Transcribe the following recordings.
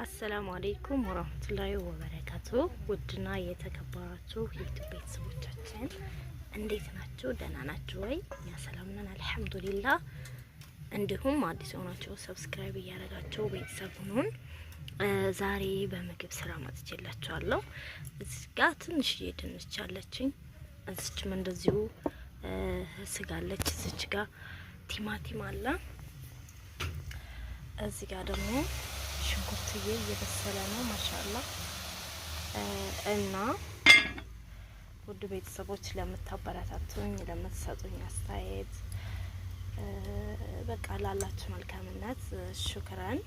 አሰላሙ አሌይኩም ወራህመቱላሂ ወበረካቱ። ውድና የተከበራችሁ የዩቱብ ቤተሰቦቻችን እንዴት ናችሁ? ደህና ናችሁ ወይ? እኛ ሰላም ነን አልሐምዱሊላ። እንዲሁም አዲስ የሆናችሁ ሰብስክራይብ እያደረጋችሁ ቤተሰብ ሁኑን። ዛሬ በምግብ ስራ መጥቼላችኋለሁ። እዚህ ጋር ትንሽዬ ድንች አለችኝ፣ እዚችም እንደዚሁ ስጋ አለች፣ እዚች ጋር ቲማቲም አለ፣ እዚህ ጋር ደግሞ ሽንኩርትዬ እየበሰለ ነው ማሻላ። እና ውድ ቤተሰቦች ለምታበረታቱኝ፣ ለምትሰጡኝ አስተያየት በቃ ላላችሁ መልካምነት ሹክረን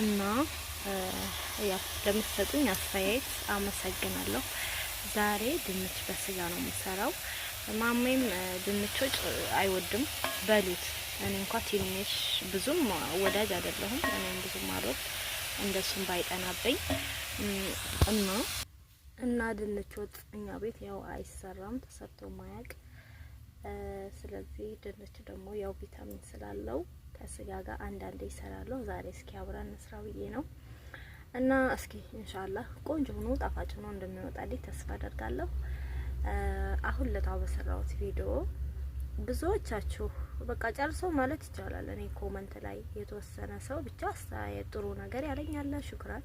እና ያው ለምትሰጡኝ አስተያየት አመሰግናለሁ። ዛሬ ድንች በስጋ ነው የምሰራው። ማሜም ድንቾች አይወድም በሉት እኔ እንኳ ትንሽ ብዙም ወዳጅ አይደለሁም። እኔም ብዙም አልወድ እንደሱም ባይጠናብኝ እና እና ድንች ወጥ እኛ ቤት ያው አይሰራም፣ ተሰርቶ ማያቅ። ስለዚህ ድንች ደግሞ ያው ቪታሚን ስላለው ከስጋ ጋር አንዳንዴ ይሰራለሁ። ዛሬ እስኪ አብረን እንስራ ብዬ ነው እና እስኪ ኢንሻአላህ ቆንጆ ሆኖ ጣፋጭ ሆኖ እንደሚወጣልኝ ተስፋ አደርጋለሁ። አሁን ለታው በሰራሁት ቪዲዮ ብዙዎቻችሁ በቃ ጨርሶ ማለት ይቻላል። እኔ ኮመንት ላይ የተወሰነ ሰው ብቻ አስተያየት ጥሩ ነገር ያለኛለ ሹክራን።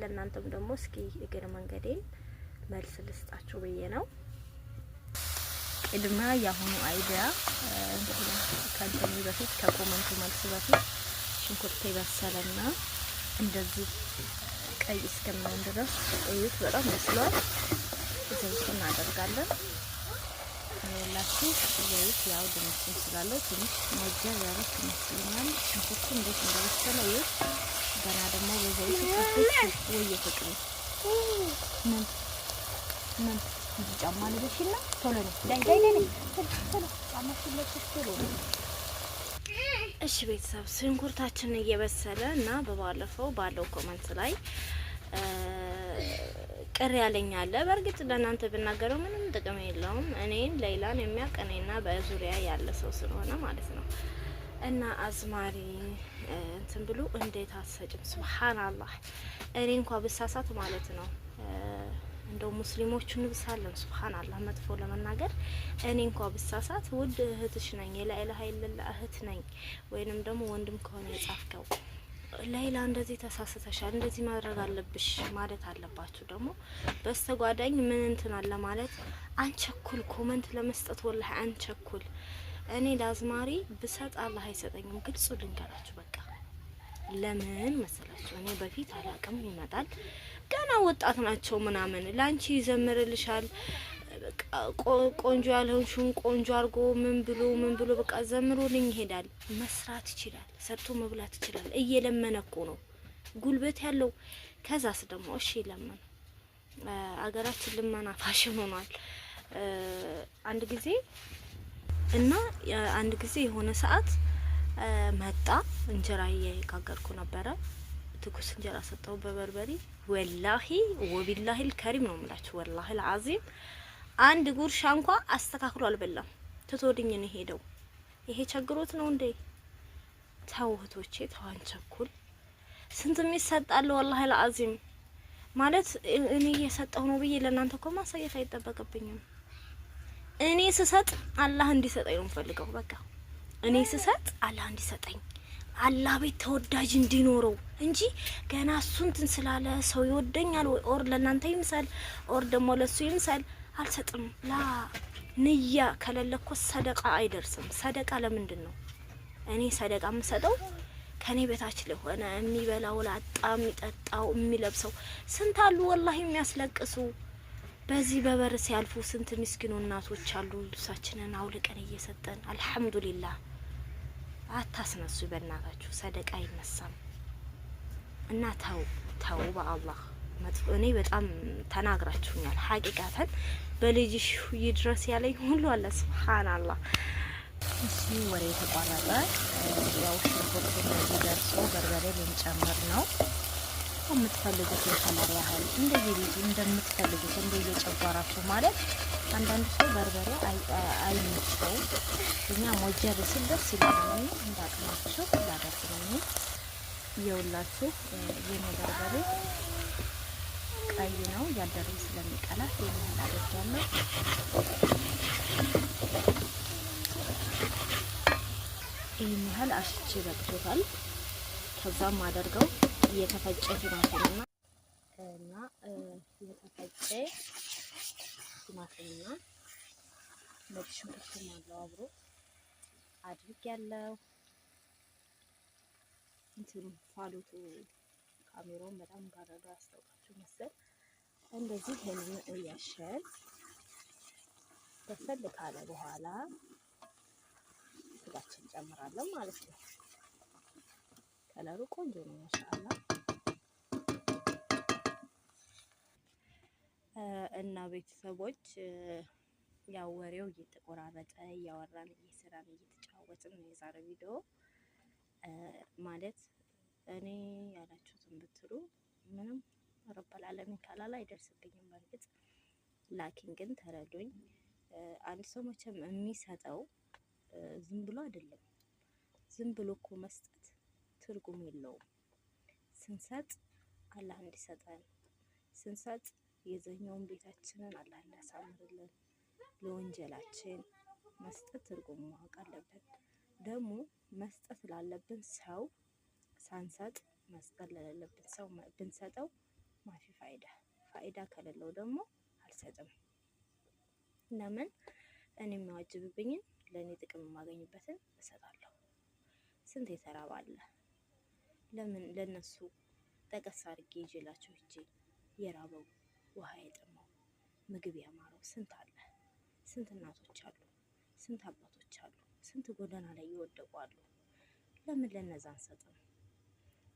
ለእናንተም ደግሞ እስኪ እግር መንገዴን መልስ ልስጣችሁ ብዬ ነው። ቅድመ የአሁኑ አይዲያ ከንተኒ በፊት ከኮመንቱ መልስ በፊት ሽንኩርት የበሰለና እንደዚህ ቀይ እስከሚሆን ድረስ እዩት። በጣም በስሏል። እዚህ እናደርጋለን ላችሁ እያዩት ያው ድንችን ስላለው ትንሽ ሞጃ ያረክ ይመስለኛል። ሽንኩርቱ እንዴት እንደበሰለ ይህ ገና ደግሞ በዘይቱ ወይ ፍቅሬ ምን ምን እንጂ ጫማ ልበሽና ቶሎ ነው ዳይ ዳይ ዳይ ቶሎ ጫማ ስለሽ ቶሎ እሺ ቤተሰብ ሽንኩርታችን እየበሰለ እና በባለፈው ባለው ኮመንት ላይ ቅር ያለኝ አለ። በእርግጥ ለእናንተ ብናገረው ምንም ጥቅም የለውም። እኔን ሌላን የሚያውቅ እኔና በዙሪያ ያለ ሰው ስለሆነ ማለት ነው። እና አዝማሪ እንትን ብሎ እንዴት አሰጭም? ሱብሃንአላህ እኔ እንኳ ብሳሳት ማለት ነው እንደው ሙስሊሞቹ እንብሳለን። ሱብሃንአላህ መጥፎ ለመናገር እኔ እንኳ ብሳሳት ውድ እህትሽ ነኝ፣ የላ ኢለላህ እህት ነኝ። ወይንም ደግሞ ወንድም ከሆነ የጻፍከው ሌላ እንደዚህ ተሳስተሻል፣ እንደዚህ ማድረግ አለብሽ ማለት አለባችሁ። ደግሞ በስተጓዳኝ ምን አለ ማለት አንቸኩል፣ ኮመንት ለመስጠት ወላሂ አንቸኩል። እኔ ለአዝማሪ ብሰጥ አላህ አይሰጠኝም። ግልጹ ልንገራችሁ በቃ ለምን መሰላችሁ? እኔ በፊት አላቅም ይመጣል ገና ወጣት ናቸው ምናምን ላንቺ ይዘምርልሻል በቃ ቆንጆ ያልሆንሽውን ቆንጆ አድርጎ ምን ብሎ ምን ብሎ በቃ ዘምሮልኝ ይሄዳል። መስራት ይችላል፣ ሰርቶ መብላት ይችላል። እየለመነ እኮ ነው ጉልበት ያለው። ከዛስ ደግሞ እሺ ለመነ። አገራችን ልመና ፋሽን ሆኗል። አንድ ጊዜ እና አንድ ጊዜ የሆነ ሰዓት መጣ። እንጀራ እየጋገርኩ ነበረ። ትኩስ እንጀራ ሰጠው በበርበሬ። ወላሂ ወቢላሂል ከሪም ነው የምላችሁ ወላሂል አዚም አንድ ጉርሻ እንኳ አስተካክሎ አልበላም። ትቶድኝ ነው ሄደው። ይሄ ቸግሮት ነው እንዴ? ተው እህቶቼ፣ ተዋን ቸኩል። ስንትም ይሰጣል ወላሂ ለአዚም ማለት እኔ እየሰጠሁ ነው ብዬ ለእናንተ እኮ ማሳየት አይጠበቅብኝም። እኔ ስሰጥ አላህ እንዲሰጠኝ ነው የምፈልገው። በቃ እኔ ስሰጥ አላህ እንዲሰጠኝ አላህ ቤት ተወዳጅ እንዲኖረው እንጂ ገና እሱ እንትን ስላለ ሰው ይወደኛል ወይ ኦር ለእናንተ ይምሳል ኦር ደግሞ ለሱ ይምሳል አልሰጥም ላ ንያ ከሌለ እኮ ሰደቃ አይደርስም። ሰደቃ ለምንድን ነው እኔ ሰደቃ የምሰጠው? ከኔ በታች ለሆነ የሚበላው ላጣ፣ የሚጠጣው፣ የሚለብሰው ስንት አሉ ወላሂ የሚያስለቅሱ በዚህ በበር ሲያልፉ ስንት ምስኪኑ እናቶች አሉ። ልብሳችንን አውልቀን እየሰጠን አልሐምዱሊላህ። አታስነሱ በእናታችሁ፣ ሰደቃ አይነሳም እና ተው ተው በአላህ መጥፎ እኔ በጣም ተናግራችሁኛል። ሀቂቃተን በልጅሽ ይድረስ ያለኝ ሁሉ አለ። ስብሓንአላህ እሺ፣ ወሬ የተቋረጠ ያው ሽንኩርት እንደዚህ ደርሶ በርበሬ ልንጨምር ነው። የምትፈልጉት የከለር ያህል እንደዚህ ልጅ እንደምትፈልጉት እንደ እየጨጓራችሁ ማለት አንዳንድ ሰው በርበሬ አይመቸው። እኛ ሞጀር ሲል ደስ ይለናል። እንዳቅማችሁ ላደርግ ነው የውላችሁ የኔ በርበሬ ቀይ ነው ያደረው ስለሚቀላ ይሄን አደርጋለሁ። ያህል አሽቼ በቅቶታል። ከዛም አደርገው እየተፈጨ ቲማቲምና እና እየተፈጨ ቲማቲምና ነጭ ሽንኩርትም አለው አብሮ ያለው እንትኑ ካሜራውን በጣም ጋረዶ አስታውቃል። ምስል እንደዚህ ይህንን እያሸን በፈል ካለ በኋላ ስጋችን እንጨምራለን ማለት ነው። ከለሩ ቆንጆ ነው ማሻአላ። እና ቤተሰቦች ያው ወሬው እየተቆራረጠ እያወራን እየሰራን እየተጫወትን ነው የዛሬ ቪዲዮ ማለት እኔ ያላችሁትን ብትሉ ምንም ረበል ካላ ካላላ አይደርስብኝም። በእርግጥ ላኪን ግን ተረዱኝ። አንድ ሰው መቼም የሚሰጠው ዝም ብሎ አይደለም። ዝም ብሎ እኮ መስጠት ትርጉም የለውም። ስንሰጥ አላህ እንዲሰጠን ስንሰጥ የዘኛውን ቤታችንን አላህ እንዲያሳምርልን ለወንጀላችን መስጠት ትርጉም ማወቅ አለብን። ደግሞ መስጠት ላለብን ሰው ሳንሰጥ መስጠት ለሌለብን ሰው ብንሰጠው ማፊ ፋይዳ ፋይዳ ከሌለው ደግሞ አልሰጥም። ለምን እኔ የሚያዋጅብብኝን ለእኔ ጥቅም የማገኝበትን እሰጣለሁ። ስንት የተራባለ አለ። ለምን ለነሱ ጠቀስ አድርጌ ይዤላቸው ሂጄ የራበው ውሃ የጠማው ምግብ ያማረው ስንት አለ። ስንት እናቶች አሉ፣ ስንት አባቶች አሉ፣ ስንት ጎዳና ላይ የወደቁ አሉ። ለምን ለነዛ አንሰጥም?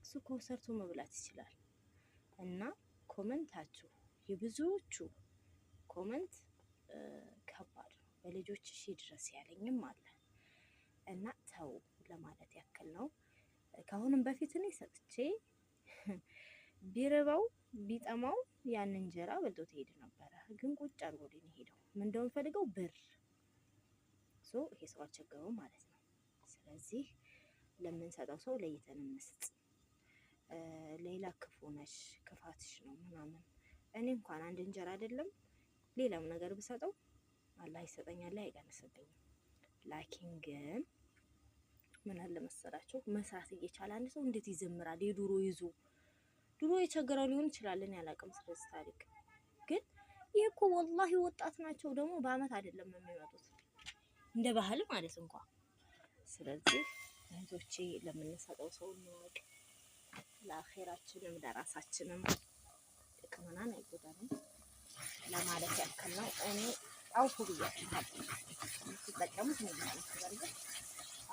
እሱ እኮ ሰርቶ መብላት ይችላል እና ኮመንታችሁ የብዙዎቹ ኮመንት ከባድ ነው። በልጆች ሺ ድረስ ያለኝም አለ እና ተው ለማለት ያክል ነው። ከአሁንም በፊት እኔ ሰጥቼ ቢርበው ቢጠማው ያን እንጀራ በልቶ ትሄድ ነበረ። ግን ቁጭ አድርጎ ነው የሄደው። ምን እንደምፈልገው ብር ሶ ይሄ ሰው አልቸገረውም ማለት ነው። ስለዚህ ለምንሰጠው ሰው ለይተን እንስጥ። ሌላ ክፉ ነሽ፣ ክፋትሽ ነው ምናምን። እኔ እንኳን አንድ እንጀራ አይደለም ሌላም ነገር ብሰጠው አላህ ይሰጠኛል፣ አይቀንስብኝም። ላኪን ግን ምን አለ መሰላችሁ መስራት እየቻለ አንድ ሰው እንዴት ይዘምራል? የድሮ ይዞ ድሮ የቸገረው ሊሆን ይችላል። እኔ አላውቅም ስለዚህ ታሪክ ግን ይህ እኮ ወላሂ ወጣት ናቸው ደግሞ በአመት አይደለም የሚመጡት እንደ ባህል ማለት እንኳን። ስለዚህ እህቶቼ ለምንሰጠው ሰው እንወቅ። ለአኼራችንም ለራሳችንም ጥቅምናን አይጎዳንም ለማለት ያክል ነው። እኔ አውፉ ብያችኋል። የምትጠቀሙት ምን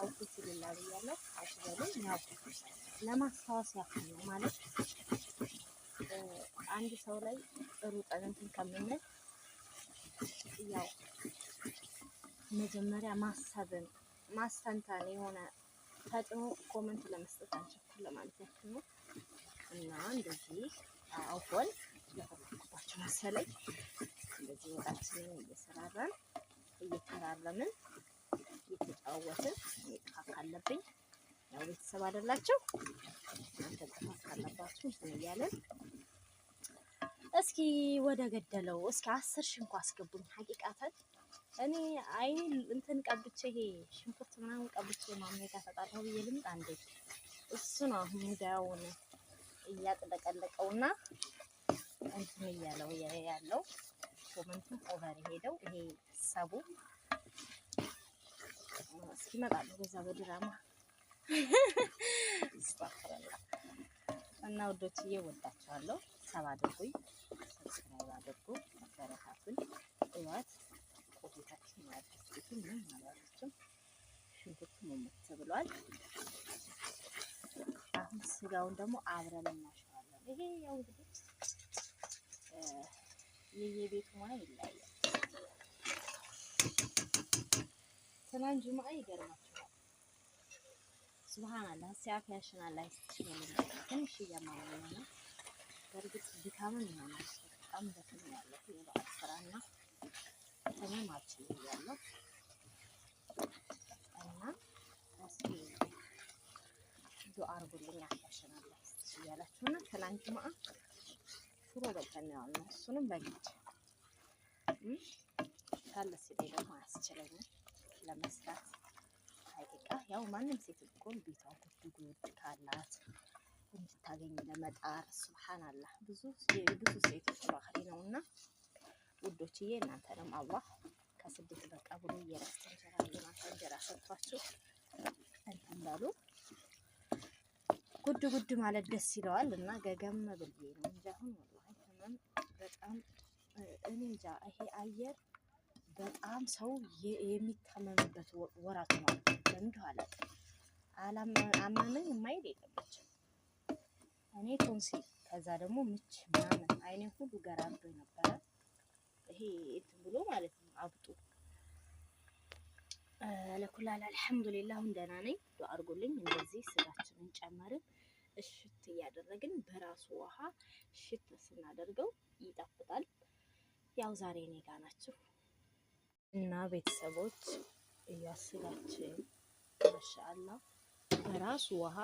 አውፉ ሲልላ ብያለሁ። አውፉ በሉ ያው ለማስታወስ ያክል ነው ማለት አንድ ሰው ላይ ጥሩ ጠንትን ከምንል ያው መጀመሪያ ማሰብን ማስተንተን የሆነ ተጭኖ ኮመንት ለመስጠት አንቸኩል ለማለት ያክል ነው። እና እንደዚህ አውቆል ለፈለኩባቸው መሰለኝ። እንደዚህ ወጣችንን እየሰራራን እየተራረምን እየተጫወትን ጥፋት ካለብኝ ያው ቤተሰብ አይደላችሁ እናንተ ጥፋት ካለባችሁ እንትን እያለን እስኪ ወደ ገደለው እስኪ አስር ሺህ እንኳ አስገቡኝ ሀቂቃተን እኔ አይ እንትን ቀብቼ ይሄ ሽንኩርት ምናምን ቀብቼ ማምለጫ ተጣጣው ብዬ ልምጥ አንዴ። እሱ ነው አሁን ሙዳውን እያጥለቀለቀውና እንትን እያለው ያለው ኮመንቱም ኦቨር ሄደው ይሄ ሰቡ እስኪመጣሉ በዛ በድራማ ስፋፈረላ እና ወዶችዬ ወዳቸዋለሁ። ሰብ አድርጉኝ፣ ሰብስክራይብ አድርጉ፣ አበረታቱኝ እዋት ቆይታችን ያደርጉትን ምን ማለትም ሽንኩርቱ ሙሙት ብሏል። አሁን ስጋውን ደግሞ አብረን እናሸዋለን። ይሄ ያው እንግዲህ የየቤቱ ሙያ ይለያያል። ትናንት ጁምአ ይገርማችኋል። ሱብሃንአላህ ሲያፍ ያሽናል ትንሽ እያማመነ ነው። በእርግጥ ድካምን ይሆናል በጣም በትን ያለት የበዓል ስራና እኔ ማች ያለው እና እስኪ ዱአ አድርጉልኝ አሻሽላለሁ እያላችሁ እና ትናንት ማ ሽሮ በልተን ነው እሱንም በግድ ካለ ሲለኝ ደግሞ አያስችለኝም ለመስራት ሀቂቃ ያው ማንም ሴት እኮ ቤቷ ጉድ ጉድ ካላት እንድታገኝ ለመጣር ሱብሓን ብዙ ብዙ ሴቶች ባህሪ ነውና ውዶችዬ እናንተንም አላህ ከስደት በቃ ብሎ የራስ እንጀራ የማታ እንጀራ ሰጥቷችሁ እንትን በሉ። ጉድ ጉድ ማለት ደስ ይለዋል እና ገገም ብዬ ነው እንጂ አሁን ወላሂ ህመም በጣም እኔ እንጃ ይሄ አየር በጣም ሰው የሚታመምበት ወራቱ ነው። ለምንድን አላውቅም። አላመመኝ የማይል የለበችም። እኔ ቶንሲል ከዛ ደግሞ ምች ምናምን አይኔ ሁሉ ገራብዶ ነበረ። ይሄ እንትን ብሎ ማለት ነው አብጡ ለኩላላ አልሐምዱሊላህ አሁን ደህና ነኝ። ዱአ አድርጎልኝ እንደዚህ ስጋችንን ጨመርን እሽት እያደረግን በራሱ ውሃ እሽት ስናደርገው ይጣፍጣል። ያው ዛሬ እኔ ጋ ናችሁ እና ቤተሰቦች እያስጋችን ማሻአላ በራሱ ውሃ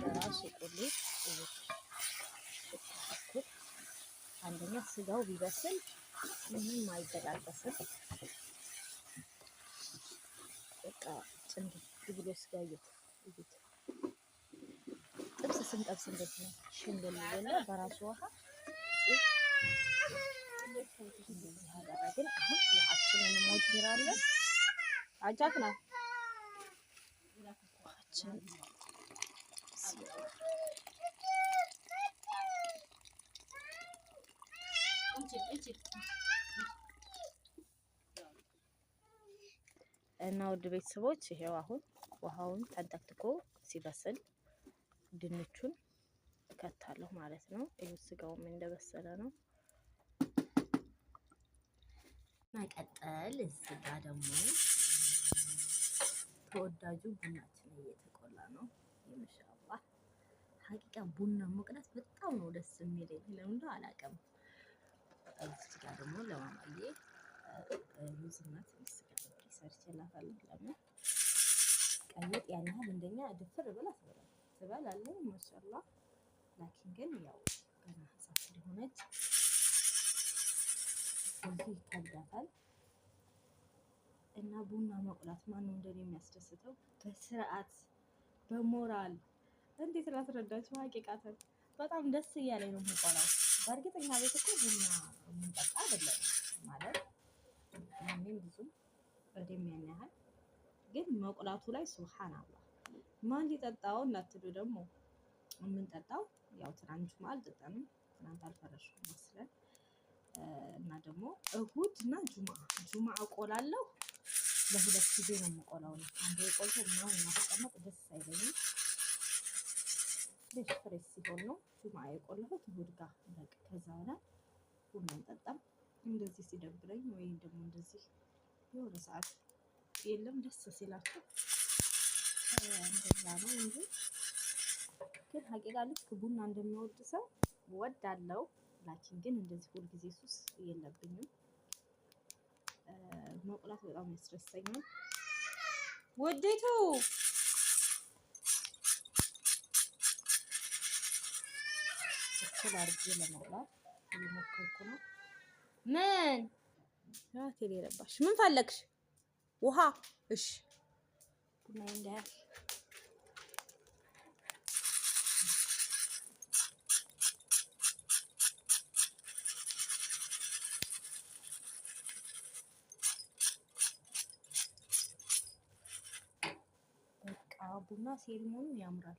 በራሱ ቁሌት አንደኛ ስጋው ቢበስል ምንም አይበጣጠስም። በቃ ጭንድ ብሎ ስጋ እዩት። ጥብስ ስንጠብስ እንደት ነው ሽንብል ይበላ በራሱ ውሃ ያደረግን። አሁን ነው ውሃችን እና ውድ ቤተሰቦች ይሄው አሁን ውሃውን ተንተክትኮ ሲበስል ድንቹን እከታለሁ ማለት ነው። ይህ ስጋውም እንደበሰለ ነው። መቀጠል ስጋ ደግሞ ተወዳጁ ቡናችን እየተቆላ ነው። የመሻባ ሀቂቃ ቡና መቅዳት በጣም ነው ደስ የሚለኝ። ለምንደ አላውቅም። ስጋ ደግሞ ለማማዬ ሩዝና ትንሽ ሰርቼላታለሁ። ለምን ቀይጥ ያን ያህል እንደኛ ድፍር ብላ ትበላል ትበላለች፣ ማሻላ ላኪን ግን ያው ገና ህፃን ስለሆነች ስለዚህ ይከብዳታል። እና ቡና መቁላት ማነው እንደኔ የሚያስደስተው? በስርዓት በሞራል እንዴት ላስረዳችሁ? ሀቂቃተን በጣም ደስ እያለኝ ነው የምቆላው። በእርግጠኛ ቤት እኮ ቡና የምንጠጣ አይደለም ማለት ምንም ብዙም እድሜ ያህል ግን መቁላቱ ላይ ሱብሃን አላህ ማን ሊጠጣው እናትዱ ደግሞ የምንጠጣው ያው ትናንት አልጠጣንም። ትናንት አልፈረሽም መስለን እና ደግሞ እሁድ እና ጁማ ጁማ እቆላለሁ። ለሁለት ጊዜ ነው የምቆላው። ነው አንዱ የቆልቶ ምናምን ማስቀመጥ ደስ አይለኝም። ፍሬሽ ፍሬሽ ሲሆን ነው ጁማ የቆላሁት እሁድ ጋር በቃ ከዛ በኋላ ቡና አንጠጣም። እንደዚህ ሲደብረኝ ወይም ደግሞ እንደዚህ የሆነ ሰዓት የለም ደስ ሲላቸው እንደዛ ነው እንጂ ግን ሀቂቃ ልክ ቡና እንደሚወድ ሰው ወዳለው ላኪን ግን እንደዚህ ሁልጊዜ ሱስ የለብኝም። መቁላት በጣም ያስደስተኛል። ውዴቱ እኩል አድርጌ ለመቁላት እየሞከርኩ ነው ምን ቴሌ የለባሽ ምን ፈለግሽ? ውሃ እሺ፣ ቡና ቡና ሴሪሞኑ ያምራል፣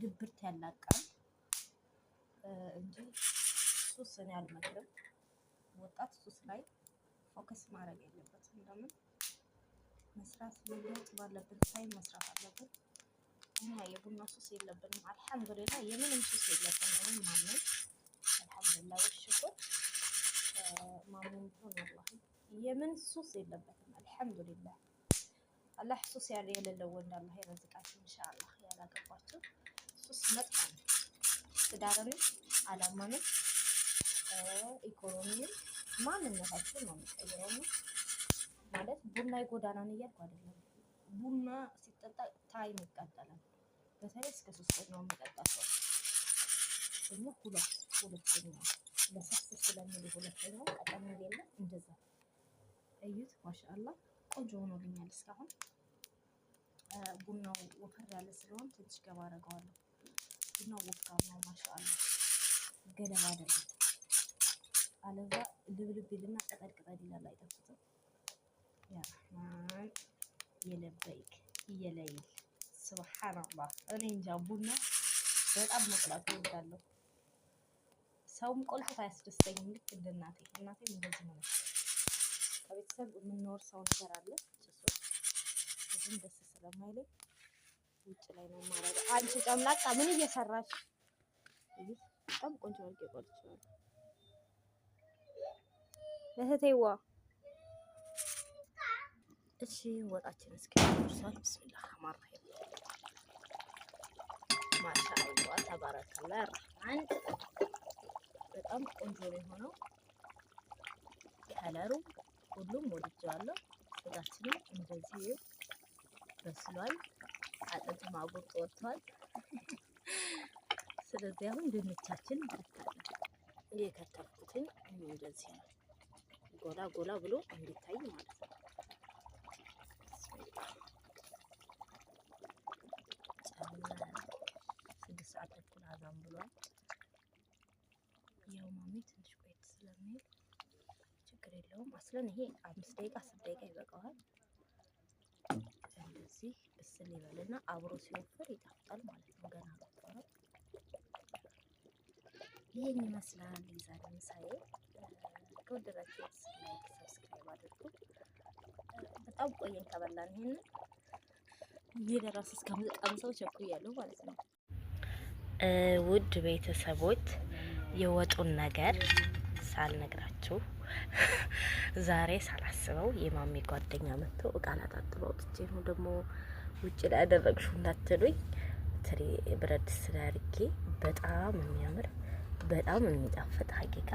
ድብርት ያላቃል እንጂ ሱስን ያልመክርም። ወጣት ሱስ ላይ ፎከስ ማድረግ የለበትም። ለምን መስራት መግለጽ ባለብን ታይም መስራት አለብን። እኛ የቡና ሱስ የለብንም። አልሐምዱሊላ የምንም ሱስ የለብን። እኔ ማመን አልሐምዱሊላ ወሽኩር ማመን ቢሆን ወላሂ የምን ሱስ የለበትም። አልሐምዱሊላ አላህ ሱስ ያለ የሌለው ወንድ አላህ ይረዝቃችሁ ኢንሻአላህ። ያላገባችሁ ሱስ መጥፋ ነው። ትዳርንም አላማንም ኢኮኖሚንም ማንነታችን ነው የሚቀየረው። ማለት ቡና የጎዳናን እያልኩ አይደለም። ቡና ሲጠጣ ታይም ይቃጠላል። በተለይ እስከ ሶስተኛው የሚጠጣ ሰው ደግሞ ሁለት ሁለተኛ ለሰፍ ስለሚል ሁለተኛው ቀጠም የለ እንደዛ እዩት። ማሻአላ ቆንጆ ሆኖልኛል። እስካሁን ቡናው ወፈር ያለ ስለሆን ትንሽ ገባ አደርገዋለሁ። ቡናው ወፍራም ነው። ማሻአላ ገለባ አይደለም። አለዛ ልብልብ ይልና ቅጠል ቅጠል ይላል። አይጠፉትም። ያማን የለበይክ እየለይል ስብሓንላህ። እኔ እንጃ ቡና በጣም መቁላት እወዳለሁ። ሰውም ቆልቶት አያስደስተኝም። ልክ እንደ እናቴ እናቴም እንደዚህ ነው። ከቤተሰብ የምንወርሰው ነገር አለ። ጭሱ ብዙም ደስ ስለማይለኝ ውጭ ላይ ነው ማለት። አንቺ ጨምላቃ ምን እየሰራሽ? በጣም ቆንጆ አድርጌ ቆልቼዋለሁ። እህቴዋ እሺ ወጣችን እስኪ ማሻአላ ተባረከላ በጣም ቆንጆ ነው የሆነው ከለሩ ሁሉም ወድጀዋለሁ። ስጋችንም እንደዚህ በስሏል። አጥንት ማጉር ወጥቷል። ስለዚህ አሁን ድንቻችን እንደዚህ ነው ጎላ ጎላ ብሎ እንዲታይ ማለት ነው። ስድስት ሰዓት ተኩል አዛም ብሏል። ያው ማሜ ትንሽ ቆየት ስለሚል ችግር የለውም። አስለን ይሄ አምስት ደቂቃ አስር ደቂቃ ይበቃዋል። እንደዚህ ብስል ይበልና አብሮ ሲወፍር ይጣፍጣል ማለት ነው። ገና ይሄን ይመስላል። ይዛል ምሳዬ ከወደዳችሁ ላይክ፣ ሰብስክራይብ አድርጉ። በጣም ቆየን ከበላን። ይሄንን እየደረሰ እስከምጣም ሰው ቸኩያለሁ ማለት ነው። ውድ ቤተሰቦች የወጡን ነገር ሳልነግራችሁ ዛሬ ሳላስበው የማሚ ጓደኛ መጥቶ እቃ ላጣጥበ አውጥቼ ነው ደግሞ ውጭ ላይ ያደረግሽው እንዳትሉኝ ትሪ ብረት ድስት ላይ አድርጌ በጣም የሚያምር በጣም የሚጣፍጥ ሀቂቃ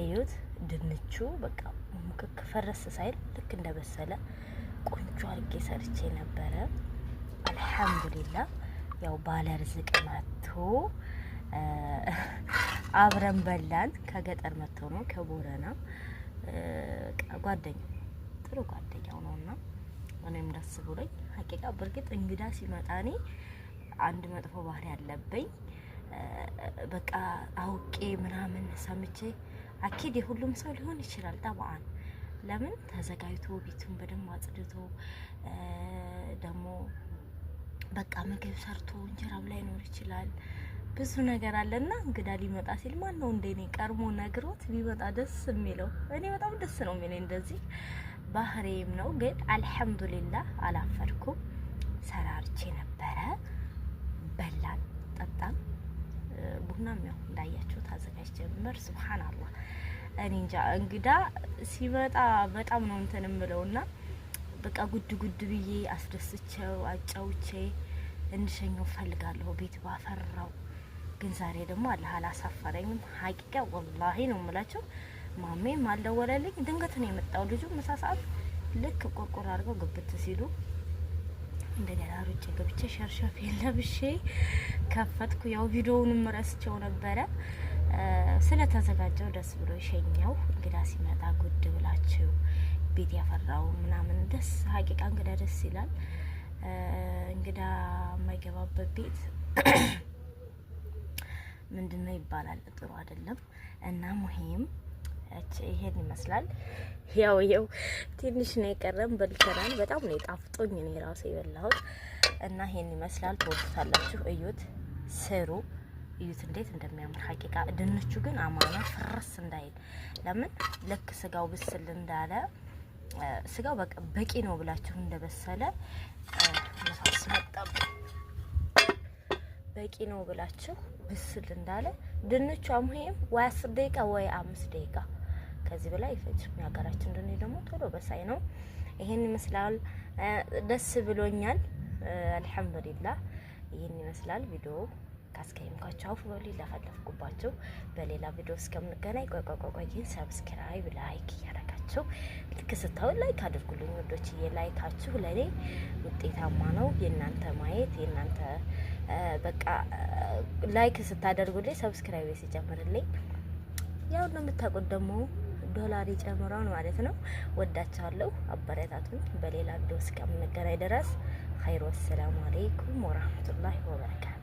እዩት። ድንቹ በቃ ሙክክ ፈረስ ሳይል ልክ እንደበሰለ ቆንጆ አድርጌ ሰርቼ ነበረ። አልሐምዱሊላ ያው ባለ ርዝቅ መጥቶ አብረን በላን። ከገጠር መጥቶ ነው ከቦረና ጓደኛ ጥሩ ጓደኛው ነው እና እኔም ደስ ብሎኝ ሀቂቃ በእርግጥ እንግዳ ሲመጣ እኔ አንድ መጥፎ ባህሪ ያለብኝ በቃ አውቄ ምናምን ሰምቼ አኪድ የሁሉም ሰው ሊሆን ይችላል። ጠብአን ለምን ተዘጋጅቶ ቤቱን በደንብ አጽድቶ ደግሞ በቃ ምግብ ሰርቶ ላይ ላይኖር ይችላል። ብዙ ነገር አለና እንግዳ ሊመጣ ሲል ማን ነው እንደኔ ቀርሞ ነግሮት ቢመጣ ደስ የሚለው? እኔ በጣም ደስ ነው የሚለኝ። እንደዚህ ባህሬም ነው። ግን አልሐምዱሊላህ አላፈርኩም። ሰራርቼ ነበረ። በላን፣ ጠጣን ቡናም ያው እንዳያችሁት አዘጋጅ ጀምር። ሱብሃንአላህ እኔ እንጃ እንግዳ ሲመጣ በጣም ነው እንትን እምለውና በቃ ጉድ ጉድ ብዬ አስደስቸው አጫውቼ እንድሸኘው ፈልጋለሁ ቤት ባፈራው። ግን ዛሬ ደግሞ አላህ አላሳፈረኝም። ሀቂቃ ወላሂ ነው የምላቸው። ማሜ ማለወለልኝ ድንገት ነው የመጣው ልጁ ምሳ ሰዓት ልክ ቆርቆር አድርገው ግብት ሲሉ እንደገና ሩጬ ገብቼ ሸርሸፍ የለብሼ ከፈትኩ። ያው ቪዲዮውንም ረስቸው ነበረ ስለተዘጋጀው ደስ ብሎ ሸኘው። እንግዳ ሲመጣ ጉድ ብላችሁ ቤት ያፈራው ምናምን ደስ ሀቂቃ እንግዳ ደስ ይላል። እንግዳ የማይገባበት ቤት ምንድነው ይባላል? ጥሩ አይደለም እና ሙሄም ይሄን ይመስላል። ያው ይኸው ትንሽ ነው የቀረም በልተናል። በጣም ነው የጣፍጦኝ እኔ ራሴ የበላሁት እና ይሄን ይመስላል። ትወዱታላችሁ። እዩት፣ ስሩ፣ እዩት እንዴት እንደሚያምር ሀቂቃ። ድንቹ ግን አማና ፍርስ እንዳይል ለምን ልክ ስጋው ብስል እንዳለ ስጋው በቂ ነው ብላችሁ እንደበሰለ ነፋስ በቂ ነው ብላችሁ ብስል እንዳለ ድንቹ አሙሄም ወይ አስር ደቂቃ ወይ አምስት ደቂቃ ከዚህ በላይ አይፈጅም። የሀገራችን እንደኔ ደግሞ ቶሎ በሳይ ነው። ይሄን ይመስላል። ደስ ብሎኛል። አልሐምዱሊላህ። ይህን ይመስላል ቪዲዮ ካስቀየምኳችሁ አውፍ በሉ ላፈለፍኩባችሁ። በሌላ ቪዲዮ እስከምንገናኝ ቆይ ቆይ ቆይ ይህን ሰብስክራይብ ላይክ እያደረጋችሁ ልክ ስታው ላይክ አድርጉልኝ ወዶች፣ የላይካችሁ ለእኔ ውጤታማ ነው። የእናንተ ማየት የእናንተ በቃ ላይክ ስታደርጉልኝ ሰብስክራይብ ሲጨምርልኝ ያው እንደምታውቁት ደግሞ ዶላር ይጨምረውን ማለት ነው። ወዳቻለሁ፣ አበረታቱን። በሌላ ቪዲዮ እስከምንገናኝ ድረስ ኸይሮ። ሰላም አለይኩም ወራህመቱላሂ ወበረካቱ